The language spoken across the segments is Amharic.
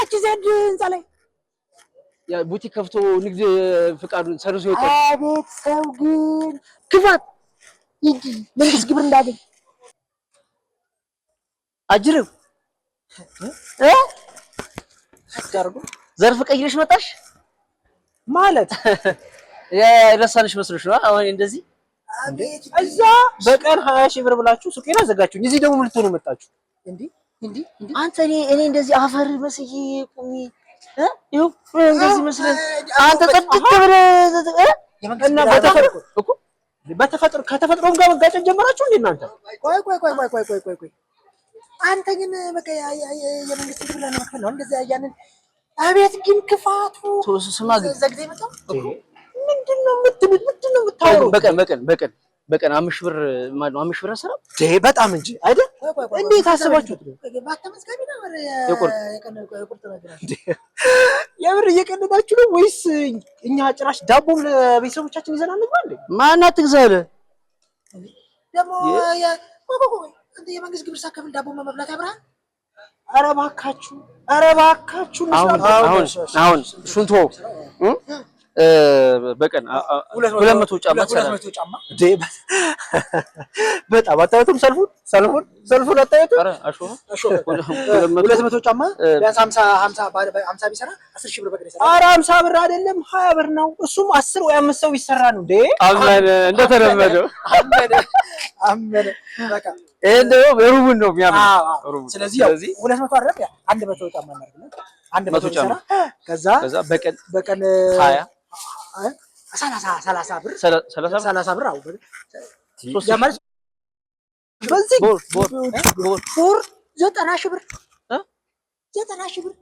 ታች ዘንድ ህንፃ ላይ ቡቲክ ከፍቶ ንግድ ፍቃዱን ሰርዞ ይወጣል። አቤት ሰው ግን ክፋት እንጂ መንግስት ግብር እንዳገኝ አጅርም እ ዘርፍ ቀይረሽ መጣሽ ማለት የረሳንሽ መስሎሽ ነው። አሁን እንደዚህ እዛ በቀን ሀያ ሺህ ብር ብላችሁ ሱቄን አዘጋችሁኝ። እዚህ ደግሞ ምን ልትሆኑ መጣችሁ እንዴ? አንተ እኔ እንደዚህ አፈር መስዬ ቁሚ እንደዚህ መስለን አንተ ጥድት ብለህ እና በተፈጥሮ እኮ በተፈጥሮ ከተፈጥሮም ጋር መጋጨት ጀመራችሁ እንዴ እናንተ? ቆይ ቆይ ቆይ ቆይ ቆይ ቆይ ቆይ ቆይ አንተ ግን በቃ የመንግስት ብላ ነው ነው። እንደዚህ ያያንን አቤት ግን ክፋቱ ስማ ግን ዘግዜ መጣ ምንድነው የምትሉት? ምንድነው የምታወሩ? በቀን በቀን በቀን በቀን አምሽ ብር ማለት ነው። አምሽ ብር አሰራ በጣም እንጂ አይደል? እንዴት አስባችሁት ነው? የምር እየቀለዳችሁ ነው ወይስ እኛ ጭራሽ ዳቦ ለቤተሰቦቻችን ይዘናል ነው ማለት ማን አትግዛለ ደግሞ የመንግስት ግብር ሳከፍል ዳቦ መብላት ያብራል። ኧረ እባካችሁ፣ ኧረ እባካችሁ አሁን አሁን እሱን ተወው በቀን ሁለት መቶ ጫማ በጣም አታዩትም? ሰልፉን ሰልፉን ሰልፉን አታዩትም? ሁለት መቶ ጫማ ኧረ ሀምሳ ብር አይደለም ሀያ ብር ነው። እሱም አስር ወይ አምስት ሰው ይሰራ ነው ይሄን ደግሞ ሩቡን ነው የሚያምነው። ስለዚህ ሁለት መቶ አይደለም አንድ መቶ ጫማ እናድርግለት። አንድ መቶ ጫማ ከዛ በቀን ሀያ ሰላሳ ብር ሰላሳ ብር ቦር ዘጠና ሺህ ብር ዘጠና ሺህ ብር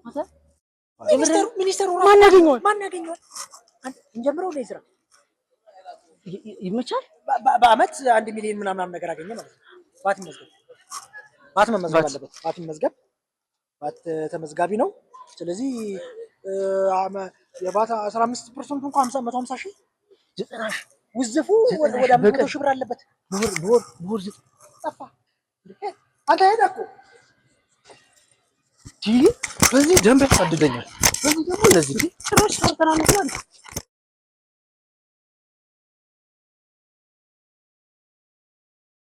ሚኒስተሩ ማን ያገኘዋል? ማን ያገኘዋል? እንጀምረው ስራ ይመቻል። በአመት አንድ ሚሊዮን ምናምን ነገር አገኘ ማለት ነው። ባት መዝገብ ባት መመዝገብ አለበት። ባት መዝገብ ባት ተመዝጋቢ ነው። ስለዚህ የባት 15 ፐርሰንቱ እንኳን 50 መቶ ሺህ ዘጠና ሺህ ውዝፉ ወደ መቶ ሺህ ብር አለበት። ብር ብር ብር ጠፋ። አንተ ሄደህ እኮ በዚህ ደንብ ያሳድደኛል። በዚህ ደግሞ እንደዚህ ጭራሽ ሰርተናል ማለት